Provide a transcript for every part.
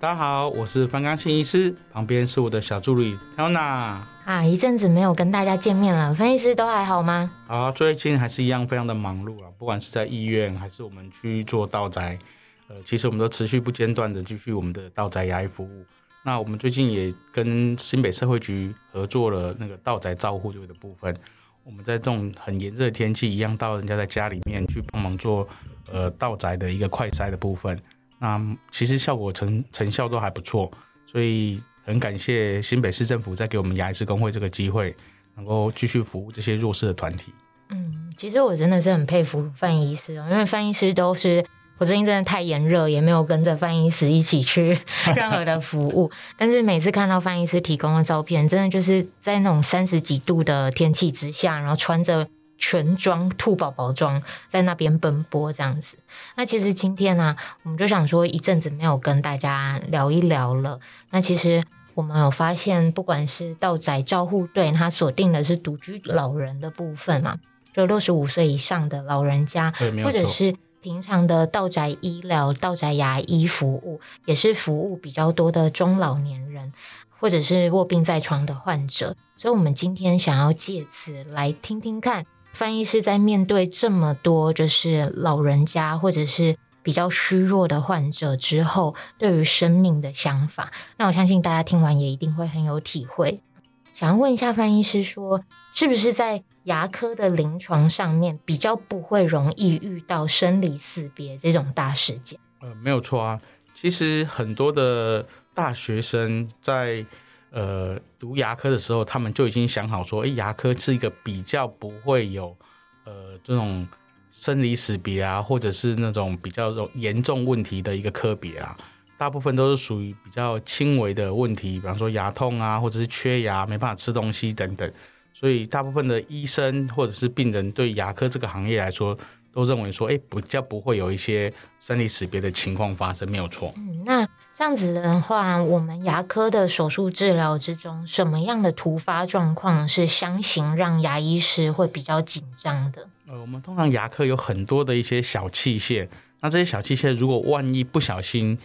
大家好，我是范綱信醫師，旁邊是我的小助理 Tona。啊，一陣子沒有跟大家見面了，分析師都還好嗎？好，最近還是一樣非常的忙碌啊，不管是在醫院還是我們去做到宅，呃，其實我們都持續不間斷的繼續我們的到宅牙醫服務。那我們最近也跟新北社會局合作了那個到宅照護隊的部分，我們在這種很炎熱的天氣，一樣到人家在家裡面去幫忙做呃到宅的一個快篩的部分。嗯，其實效果成成效都還不錯，所以很感謝新北市政府再給我們牙醫師公會這個機會，能夠繼續服務這些弱勢的團體。嗯，其實我真的是很佩服范醫師哦，因為范醫師都是我最近真的太炎熱，也沒有跟着范醫師一起去任何的服務， 但是每次看到范醫師提供的照片，真的就是在那種三十幾度的天氣之下，然後穿着。全裝兔寶寶裝在那邊奔波這樣子。那其實今天呢、啊，我們就想說一陣子沒有跟大家聊一聊了。那其實我們有發現，不管是到宅照護隊，它鎖定的是獨居老人的部分嘛、啊，對就六十五歲以上的老人家，或者是平常的到宅醫療、到宅牙醫服務，也是服務比較多的中老年人，或者是臥病在床的患者。所以我們今天想要借此來聽聽看，范醫師在面對這麼多就是老人家或者是比較虛弱的患者之後，對於生命的想法，那我相信大家聽完也一定會很有體會。想要問一下范醫師說，說是不是在牙科的臨床上面比較不會容易遇到生離死別這種大事件？呃，沒有錯啊，其實很多的大學生在，呃，讀牙科的時候，他們就已經想好說，哎，牙科是一個比較不會有，呃，這種生離死別啊，或者是那種比較嚴重問題的一個科別啊，大部分都是屬於比較輕微的問題，比方說牙痛啊，或者是缺牙沒辦法吃東西等等，所以大部分的醫生或者是病人對牙科這個行業來說。都認為說，哎、欸，比較不會有一些生離死別的情況發生，沒有錯。嗯，那這樣子的話，我們牙科的手術治療之中，什麼樣的突發狀況是相形讓牙醫師會比較緊張的？呃，我們通常牙科有很多的一些小器械，那這些小器械如果萬一不小心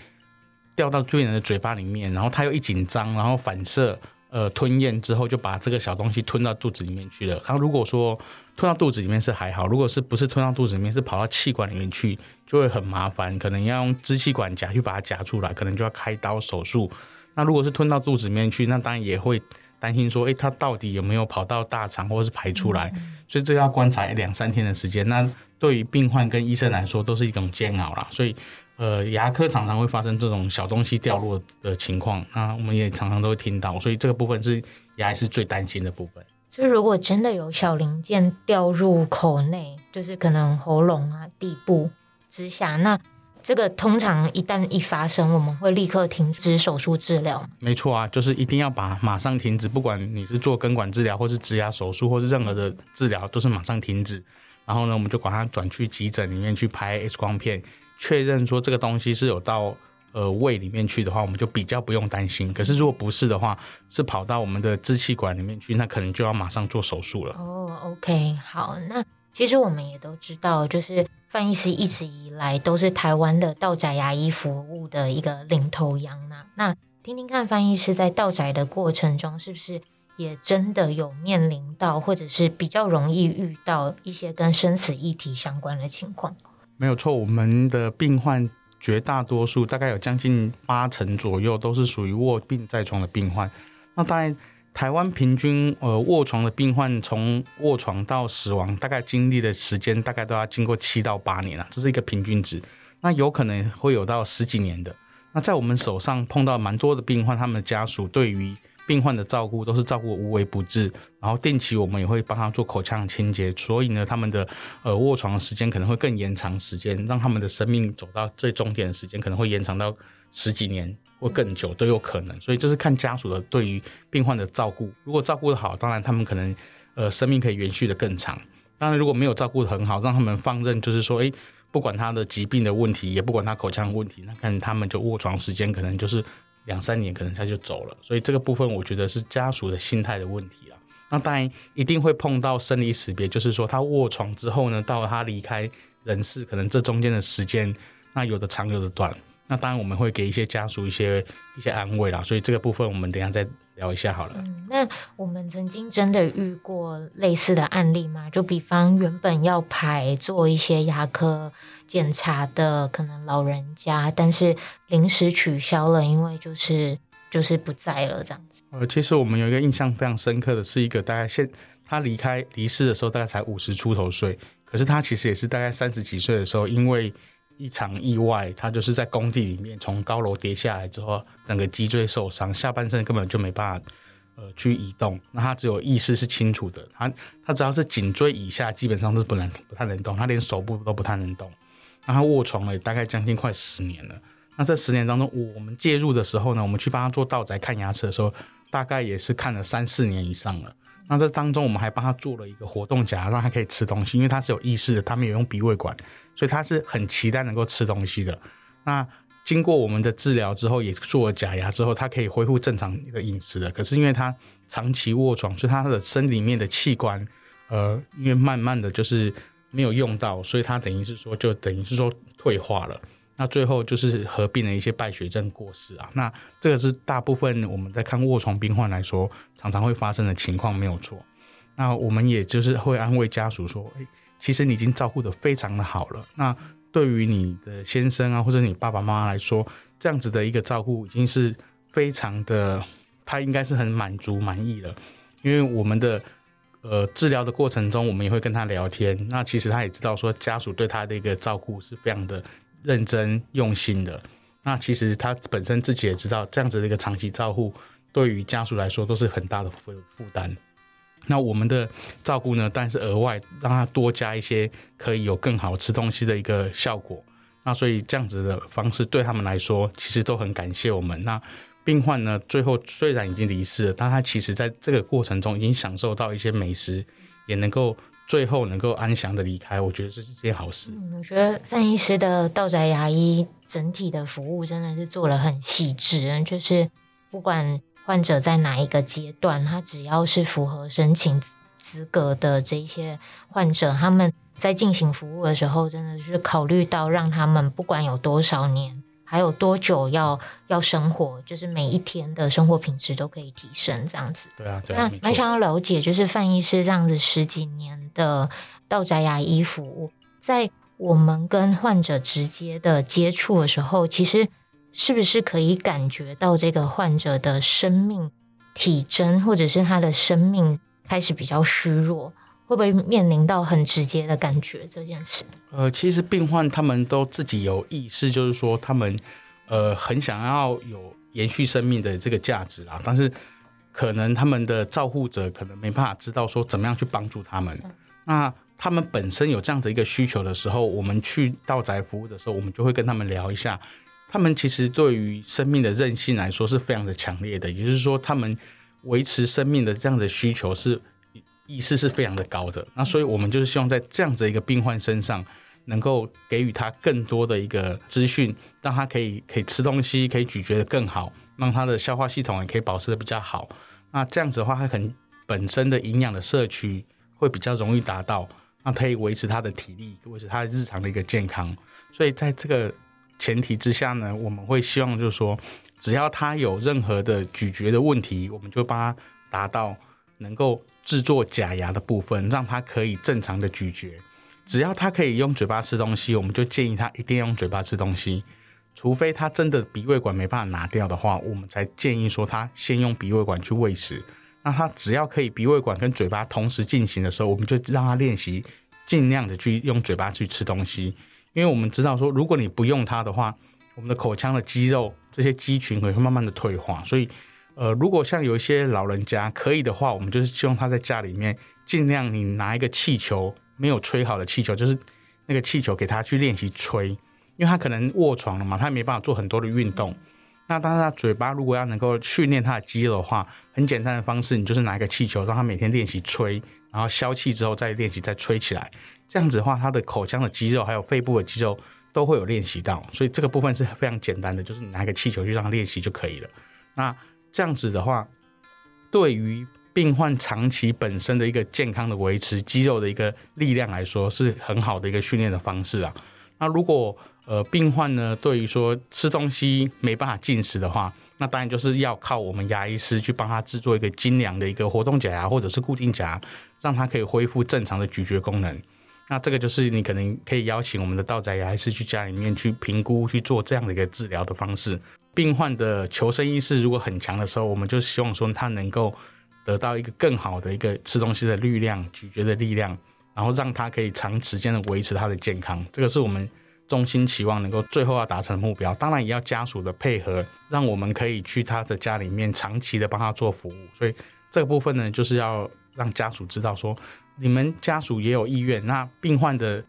掉到病人的嘴巴裡面，然後他又一緊張，然後反射。呃，吞嚥之後就把這個小東西吞到肚子裡面去了。然後如果說吞到肚子裡面是還好，如果是不是吞到肚子裡面，是跑到氣管裡面去，就會很麻煩，可能要用支氣管夾去把它夾出來，可能就要開刀手術。那如果是吞到肚子裡面去，那當然也會擔心說，哎、欸，它到底有沒有跑到大腸或是排出來？所以這個要觀察兩三天的時間。那對於病患跟醫生來說，都是一種煎熬啦。所以。呃，牙科常常會發生這種小東西掉落的情況啊，那我們也常常都會聽到，所以這個部分是牙醫是最擔心的部分。所以，如果真的有小零件掉入口內，就是可能喉嚨啊、地部之下，那這個通常一旦一發生，我們會立刻停止手術治療。沒錯啊，就是一定要把馬上停止，不管你是做根管治療，或是植牙手術，或是任何的治療，都是馬上停止。然後呢，我們就把它轉去急診裡面去拍 X 光片。確認說這個東西是有到呃胃裡面去的話，我們就比較不用擔心。可是如果不是的話，是跑到我們的支氣管裡面去，那可能就要馬上做手術了。哦、oh，OK，好。那其實我們也都知道，就是范醫師一直以來都是台灣的到宅牙醫服務的一個領頭羊，那、啊、那聽聽看，范醫師在到宅的過程中，是不是也真的有面臨到，或者是比較容易遇到一些跟生死議題相關的情況？沒有錯，我們的病患絕大多數大概有將近八成左右都是屬於臥病在床的病患。那當然，台灣平均呃臥床的病患從臥床到死亡，大概經歷的時間大概都要經過七到八年了啊，這是一個平均值。那有可能會有到十幾年的。那在我們手上碰到蠻多的病患，他們的家屬對於病患的照顧都是照顧無微不至，然後定期我們也會幫他做口腔清潔，所以呢，他們的呃臥床時間可能會更延長時間，讓他們的生命走到最終點的時間可能會延長到十幾年或更久都有可能，所以這是看家屬的對於病患的照顧，如果照顧得好，當然他們可能呃生命可以延續得更長，當然如果沒有照顧得很好，讓他們放任，就是說，誒不管他的疾病的問題，也不管他口腔的問題，那看他們就臥床時間可能就是。兩三年可能他就走了，所以這個部分我覺得是家屬的心態的問題啊。那當然一定會碰到生離死別，就是說他臥床之後呢，到他離開人世，可能這中間的時間，那有的長有的短。那當然我們會給一些家屬一些一些安慰啦，所以這個部分我們等一下再聊一下好了。嗯，那我們曾經真的遇過類似的案例嗎？就比方原本要排做一些牙科檢查的可能老人家，但是臨時取消了，因為就是就是不在了這樣子。呃，其實我們有一個印象非常深刻的是一個大概現他離開離世的時候大概才五十出頭歲，可是他其實也是大概三十幾歲的時候，因為一場意外，他就是在工地裡面從高樓跌下來之後，整個脊椎受傷，下半身根本就沒辦法呃去移動。那他只有意識是清楚的，他他只要是頸椎以下基本上都是不能不太能動，他連手部都不太能動。那他臥床了也大概將近快十年了。那這十年當中，我們介入的時候呢，我們去幫他做到宅看牙齒的時候，大概也是看了三四年以上了。那這當中，我們還幫他做了一個活動假牙，讓他可以吃東西，因為他是有意識的，他沒有用鼻胃管，所以他是很期待能夠吃東西的。那經過我們的治療之後，也做了假牙之後，他可以恢復正常一個飲食的。可是因為他長期臥床，所以他的身裡面的器官，呃，因為慢慢的就是。沒有用到，所以他等於是說，就等於是說退化了。那最後就是合併了一些敗血症過世啊。那這個是大部分我們在看臥床病患來說，常常會發生的情況，沒有錯。那我們也就是會安慰家屬說，欸，其實你已經照顧得非常的好了。那對於你的先生啊，或者你爸爸媽媽來說，這樣子的一個照顧已經是非常的，他應該是很滿足滿意了，因為我們的。呃，治療的過程中，我們也會跟他聊天。那其實他也知道，說家屬對他的一個照顧是非常的認真用心的。那其實他本身自己也知道，這樣子的一個長期照顧，對於家屬來說都是很大的負負擔。那我們的照顧呢，當然是額外讓他多加一些可以有更好吃東西的一個效果。那所以這樣子的方式，對他們來說，其實都很感謝我們。那。病患呢，最後雖然已經離世了，但他其實在這個過程中已經享受到一些美食，也能夠最後能夠安詳的離開，我覺得是這是件好事。嗯。我覺得范醫師的到宅牙醫整體的服務真的是做了很細緻，就是不管患者在哪一個階段，他只要是符合申請資格的這些患者，他們在進行服務的時候，真的是考慮到讓他們不管有多少年。還有多久要要生活？就是每一天的生活品質都可以提升，這樣子。對啊，對啊。那蠻想要了解，就是范醫師這樣子十幾年的到宅牙醫服務，在我們跟患者直接的接觸的時候，其實是不是可以感覺到這個患者的生命體徵，或者是他的生命開始比較虛弱？會不會面臨到很直接的感覺這件事？呃，其實病患他們都自己有意識，就是說他們呃很想要有延續生命的這個價值啦。但是可能他們的照護者可能沒辦法知道說怎麼樣去幫助他們。嗯、那他們本身有這樣的一個需求的時候，我們去到宅服務的時候，我們就會跟他們聊一下。他們其實對於生命的韌性來說是非常的強烈的，也就是說他們維持生命的這樣的需求是。意識是非常的高的，那所以我們就是希望在這樣子的一個病患身上，能夠給予他更多的一個資訊，讓他可以可以吃東西，可以咀嚼的更好，讓他的消化系統也可以保持的比較好。那這樣子的話，他可能本身的營養的攝取會比較容易達到，那可以維持他的體力，維持他日常的一個健康。所以在這個前提之下呢，我們會希望就是說，只要他有任何的咀嚼的問題，我們就幫他達到。能夠製作假牙的部分，讓他可以正常的咀嚼。只要他可以用嘴巴吃東西，我們就建議他一定要用嘴巴吃東西。除非他真的鼻胃管沒辦法拿掉的話，我們才建議說他先用鼻胃管去餵食。那他只要可以鼻胃管跟嘴巴同時進行的時候，我們就讓他練習，盡量的去用嘴巴去吃東西。因為我們知道說，如果你不用它的話，我們的口腔的肌肉這些肌群會慢慢的退化，所以。呃，如果像有一些老人家可以的話，我們就是希望他在家裡面儘量你拿一個氣球，沒有吹好的氣球，就是那個氣球給他去練習吹，因為他可能臥床了嘛，他也沒辦法做很多的運動。那但是他嘴巴如果要能夠訓練他的肌肉的話，很簡單的方式，你就是拿一個氣球，讓他每天練習吹，然後消氣之後再練習再吹起來。這樣子的話，他的口腔的肌肉還有肺部的肌肉都會有練習到，所以這個部分是非常簡單的，就是你拿一個氣球去讓他練習就可以了。那這樣子的話，對於病患長期本身的一個健康的維持、肌肉的一個力量來說，是很好的一個訓練的方式啊。那如果呃病患呢，對於說吃東西沒辦法進食的話，那當然就是要靠我們牙醫師去幫他制作一個精良的一個活動假牙或者是固定假牙，讓他可以恢復正常的咀嚼功能。那這個就是你可能可以邀請我們的到宅牙醫師去家裡面去評估，去做這樣的一個治療的方式。病患的求生意識如果很強的時候，我們就希望說他能夠得到一個更好的一個吃東西的力量、咀嚼的力量，然後讓他可以長時間的維持他的健康。這個是我們衷心期望能夠最後要達成的目標。當然，也要家屬的配合，讓我們可以去他的家裡面長期的幫他做服務。所以這個部分呢，就是要讓家屬知道說，你們家屬也有意願，那病患的。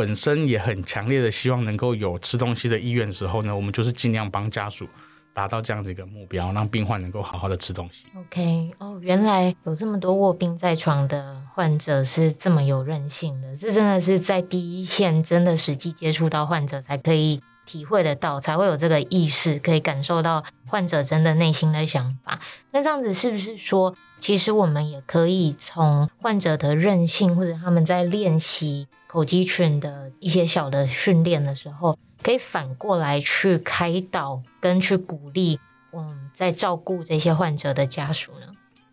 本身也很強烈的希望能夠有吃東西的意願的時候呢，我們就是盡量幫家屬達到這樣的一個目標，讓病患能夠好好的吃東西。OK，哦，oh，原來有這麼多臥病在床的患者是這麼有韌性的，這真的是在第一線真的實際接觸到患者才可以體會得到，才會有這個意識，可以感受到患者真的內心的想法。那這樣子是不是說，其實我們也可以從患者的韌性或者他們在練習？口肌群的一些小的訓練的時候，可以反過來去開導跟去鼓勵，嗯，在照顧這些患者的家屬呢？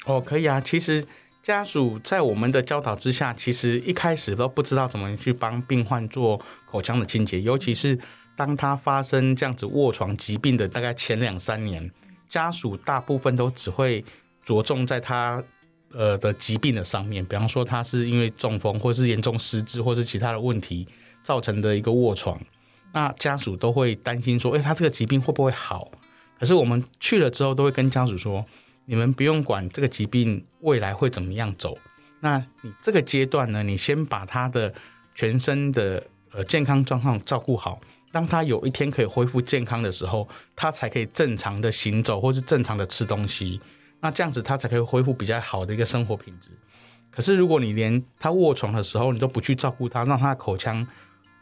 哦，可以啊。其實家屬在我們的教導之下，其實一開始都不知道怎麼去幫病患做口腔的清潔，尤其是當他發生這樣子臥床疾病的大概前兩三年，家屬大部分都只會着重在他。呃的疾病的上面，比方說他是因為中風或是嚴重失智或是其他的問題造成的一個臥床，那家屬都會擔心說，哎、欸，他這個疾病會不會好？可是我們去了之後，都會跟家屬說，你們不用管這個疾病未來會怎麼樣走。那你這個階段呢，你先把他的全身的呃健康狀況照顧好，當他有一天可以恢復健康的時候，他才可以正常的行走或是正常的吃東西。那這樣子他才可以恢復比較好的一個生活品質。可是如果你連他臥床的時候你都不去照顧他，讓他的口腔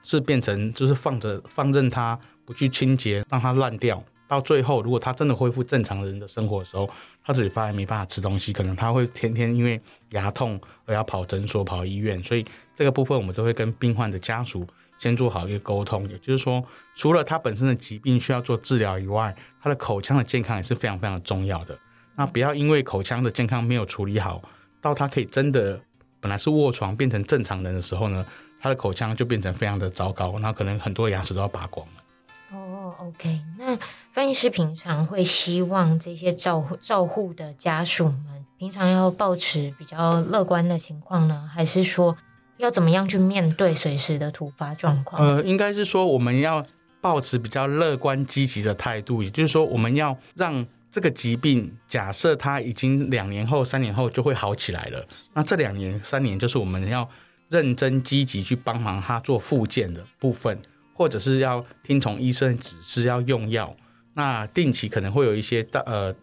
是變成就是放着，放任他不去清潔，讓他爛掉。到最後，如果他真的恢復正常人的生活的時候，他嘴巴也沒辦法吃東西，可能他會天天因為牙痛而要跑診所、跑醫院。所以這個部分我們都會跟病患的家屬先做好一個溝通，也就是說，除了他本身的疾病需要做治療以外，他的口腔的健康也是非常非常重要的。那不要因為口腔的健康沒有處理好，到他可以真的本來是臥床變成正常人的時候呢，他的口腔就變成非常的糟糕，那可能很多牙齒都要拔光了。哦、oh，OK，那范醫師平常會希望這些照照護的家屬們平常要保持比較樂觀的情況呢，還是說要怎麼樣去面對隨時的突發狀況？呃，應該是說我們要保持比較樂觀積極的態度，也就是說我們要讓。這個疾病，假設他已經兩年後、三年後就會好起來了，那這兩年、三年就是我們要認真積極去幫忙他做復健的部分，或者是要聽從醫生指示，要用藥。那定期可能會有一些大呃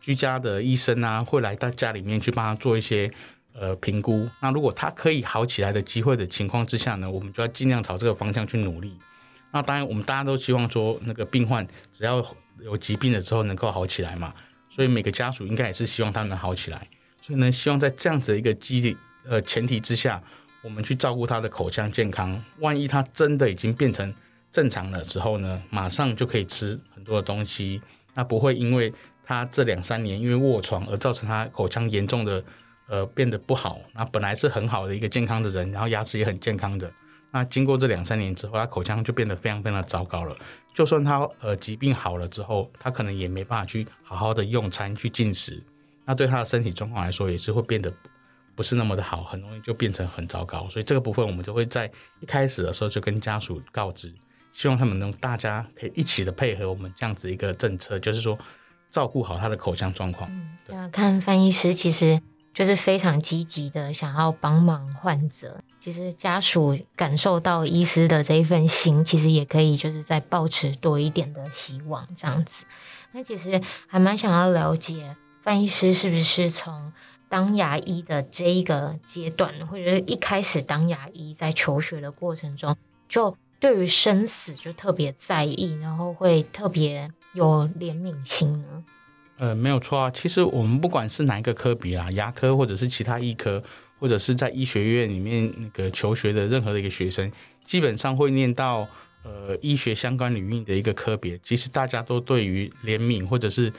居家的醫生啊，會來到家裡面去幫他做一些呃評估。那如果他可以好起來的機會的情況之下呢，我們就要盡量朝這個方向去努力。那當然，我們大家都希望說，那個病患只要有疾病了之後能夠好起來嘛。所以每個家屬應該也是希望他能好起來。所以呢，希望在這樣子的一個激勵呃前提之下，我們去照顧他的口腔健康。萬一他真的已經變成正常了之後呢，馬上就可以吃很多的東西，那不會因為他這兩三年因為臥床而造成他口腔嚴重的呃變得不好。那本來是很好的一個健康的人，然後牙齒也很健康的。那經過這兩三年之後，他口腔就變得非常非常的糟糕了。就算他呃疾病好了之後，他可能也沒辦法去好好的用餐去進食。那對他的身體狀況來說，也是會變得不是那麼的好，很容易就變成很糟糕。所以這個部分我們就會在一開始的時候就跟家屬告知，希望他們能大家可以一起的配合我們這樣子一個政策，就是說照顧好他的口腔狀況。對。嗯，看范醫師其實就是非常積極的想要幫忙患者。其實家屬感受到醫師的這一份心，其實也可以就是再抱持多一點的希望這樣子。那其實還蠻想要了解范醫師是不是從當牙醫的這一個階段，或者是一開始當牙醫在求學的過程中，就對於生死就特別在意，然後會特別有憐憫心呢？呃，沒有錯啊。其實我們不管是哪一個科別啊，牙科或者是其他醫科。或者是在醫學院裡面那個求學的任何的一個學生，基本上會念到呃醫學相關領域的一個科別。其實大家都對於憐憫或者是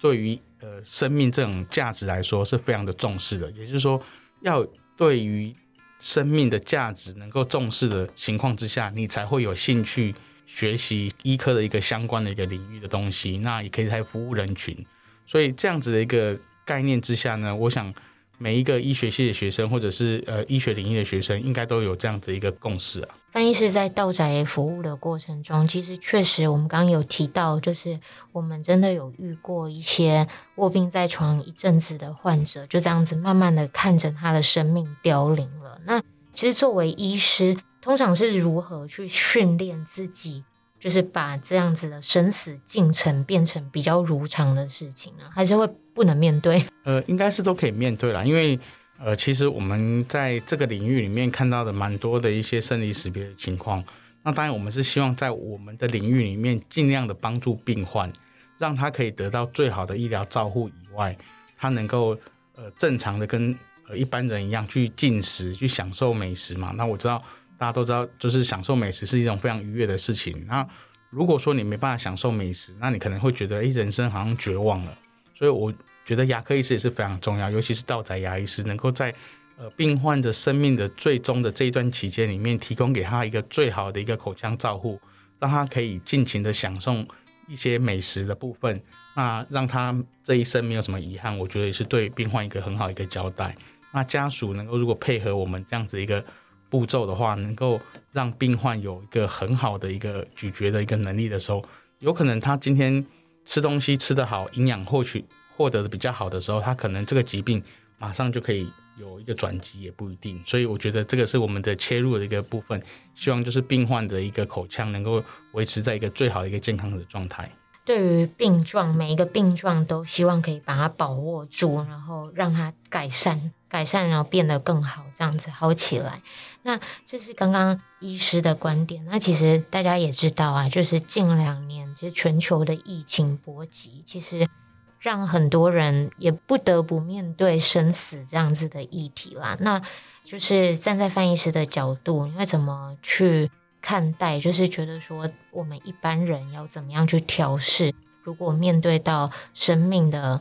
對於呃生命這種價值來說是非常的重視的。也就是說，要對於生命的價值能夠重視的情況之下，你才會有興趣學習醫科的一個相關的一個領域的東西。那也可以在服務人群。所以這樣子的一個概念之下呢，我想。每一個醫學系的學生，或者是呃醫學領域的學生，應該都有這樣子一個共識啊。范醫師在到宅服務的過程中，其實確實我們剛剛有提到，就是我們真的有遇過一些臥病在床一陣子的患者，就這樣子慢慢的看着他的生命凋零了。那其實作為醫師，通常是如何去訓練自己？就是把這樣子的生死進程變成比較如常的事情呢，還是會不能面對？呃，應該是都可以面對啦，因為呃，其實我們在這個領域裡面看到的蠻多的一些生離死別的情況。那當然，我們是希望在我們的領域裡面盡量的幫助病患，讓他可以得到最好的醫療照護以外，他能夠呃正常的跟一般人一樣去進食，去享受美食嘛。那我知道。大家都知道，就是享受美食是一種非常愉悅的事情。那如果說你沒辦法享受美食，那你可能會覺得，哎、欸，人生好像絕望了。所以我覺得牙科醫師也是非常重要，尤其是到宅牙醫師，能夠在呃病患的生命的最終的這一段期間裡面，提供給他一個最好的一個口腔照護，讓他可以盡情的享受一些美食的部分，那讓他這一生沒有什麼遺憾。我覺得也是對病患一個很好一個交代。那家屬能夠如果配合我們這樣子一個。步驟的話，能夠讓病患有一個很好的一個咀嚼的一個能力的時候，有可能他今天吃東西吃得好，營養獲取獲得的比較好的時候，他可能這個疾病馬上就可以有一個轉機也不一定。所以我覺得這個是我們的切入的一個部分，希望就是病患的一個口腔能夠維持在一個最好的一個健康的狀態。對於病狀，每一個病狀都希望可以把它把握住，然後讓它改善，改善然後變得更好，這樣子好起來。那這是剛剛醫師的觀點。那其實大家也知道啊，就是近兩年其實、就是、全球的疫情波及，其實讓很多人也不得不面對生死這樣子的議題啦。那就是站在范醫師的角度，你會怎麼去？看待就是覺得說，我們一般人要怎麼樣去調適，如果面對到生命的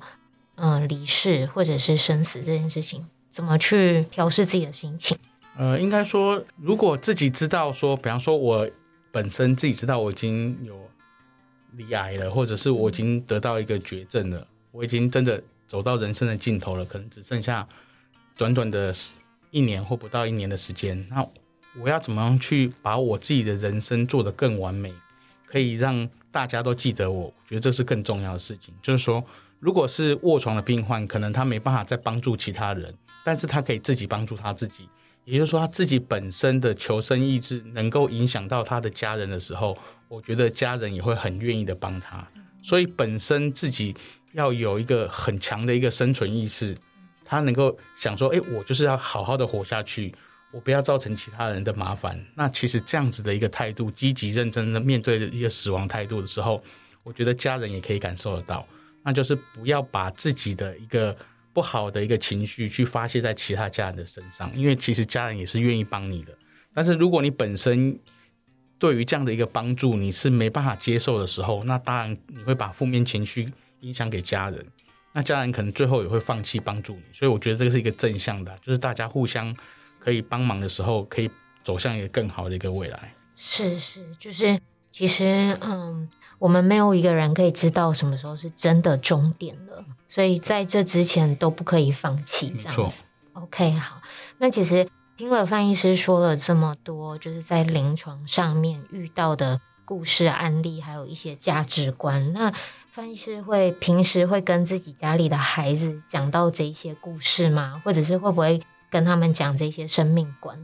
嗯呃、離世，或者是生死這件事情，怎麼去調適自己的心情？呃，應該說，如果自己知道說，比方說，我本身自己知道我已經有罹癌了，或者是我已經得到一個絕症了，我已經真的走到人生的盡頭了，可能只剩下短短的一年或不到一年的時間，那，我要怎麼樣去把我自己的人生做得更完美，可以讓大家都記得我？我覺得這是更重要的事情。就是說，如果是臥床的病患，可能他沒辦法再幫助其他人，但是他可以自己幫助他自己。也就是說，他自己本身的求生意志能夠影響到他的家人的時候，我覺得家人也會很願意的幫他。所以，本身自己要有一個很強的一個生存意識，他能夠想說：“哎，我就是要好好的活下去。”我不要造成其他人的麻煩。那其實這樣子的一個態度，積極認真的面對一個死亡態度的時候，我覺得家人也可以感受得到。那就是不要把自己的一個不好的一個情緒去發洩在其他家人的身上，因為其實家人也是願意幫你的。但是如果你本身對於這樣的一個幫助你是沒辦法接受的時候，那當然你會把負面情緒影響給家人，那家人可能最後也會放棄幫助你。所以我覺得這個是一個正向的，就是大家互相。可以幫忙的時候，可以走向一個更好的一個未來。是是，就是其實，嗯，我們沒有一個人可以知道什麼時候是真的終點了，所以在這之前都不可以放棄這樣子。沒錯。OK，好。那其實聽了范醫師說了這麼多，就是在臨床上面遇到的故事案例，還有一些價值觀。那范醫師會平時會跟自己家裡的孩子講到這一些故事嗎？或者是會不會？跟他們講這些生命觀。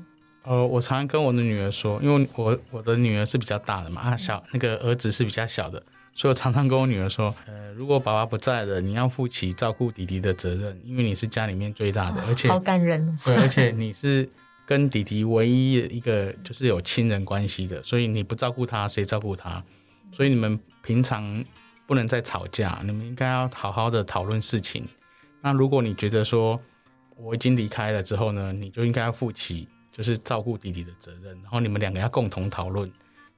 呃，我常常跟我的女兒說，因為我我的女兒是比較大的嘛，啊，小、嗯、那個兒子是比較小的，所以我常常跟我女兒說，呃，如果爸爸不在了，你要負起照顧弟弟的責任，因為你是家裡面最大的，而且、哦、好感人、哦，對，而且你是跟弟弟唯一一個就是有親人關係的， 所以你不照顧他，誰照顧他？所以你們平常不能再吵架，你們應該要好好的討論事情。那如果你覺得說，我已經離開了之後呢，你就應該要負起就是照顧弟弟的責任，然後你們兩個要共同討論，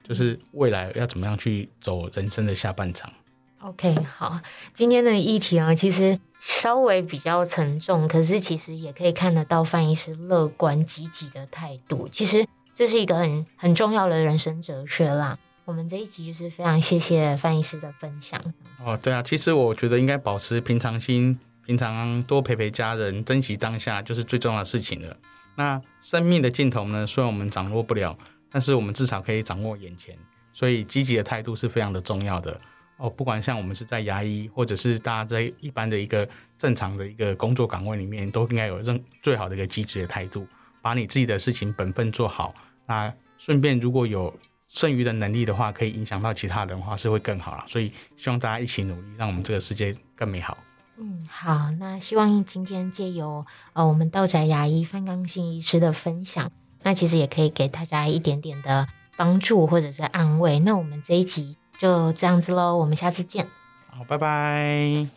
就是未來要怎麼樣去走人生的下半場。OK，好，今天的議題啊，其實稍微比較沉重，可是其實也可以看得到范醫師樂觀積極的態度。其實這是一個很很重要的人生哲學啦。我們這一集就是非常謝謝范醫師的分享。哦，對啊，其實我覺得應該保持平常心。平常多陪陪家人，珍惜當下就是最重要的事情了。那生命的盡頭呢？雖然我們掌握不了，但是我們至少可以掌握眼前。所以積極的態度是非常的重要的哦。不管像我們是在牙醫，或者是大家在一般的一個正常的一個工作崗位裡面，都應該有正最好的一個積極的態度，把你自己的事情本分做好。那順便如果有剩餘的能力的話，可以影響到其他人的話，是會更好了。所以希望大家一起努力，讓我們這個世界更美好。嗯，好，那希望今天借由呃我們到宅牙醫范綱信醫師的分享，那其實也可以給大家一點點的幫助或者是安慰。那我們這一集就這樣子嘍，我們下次見。好，拜拜。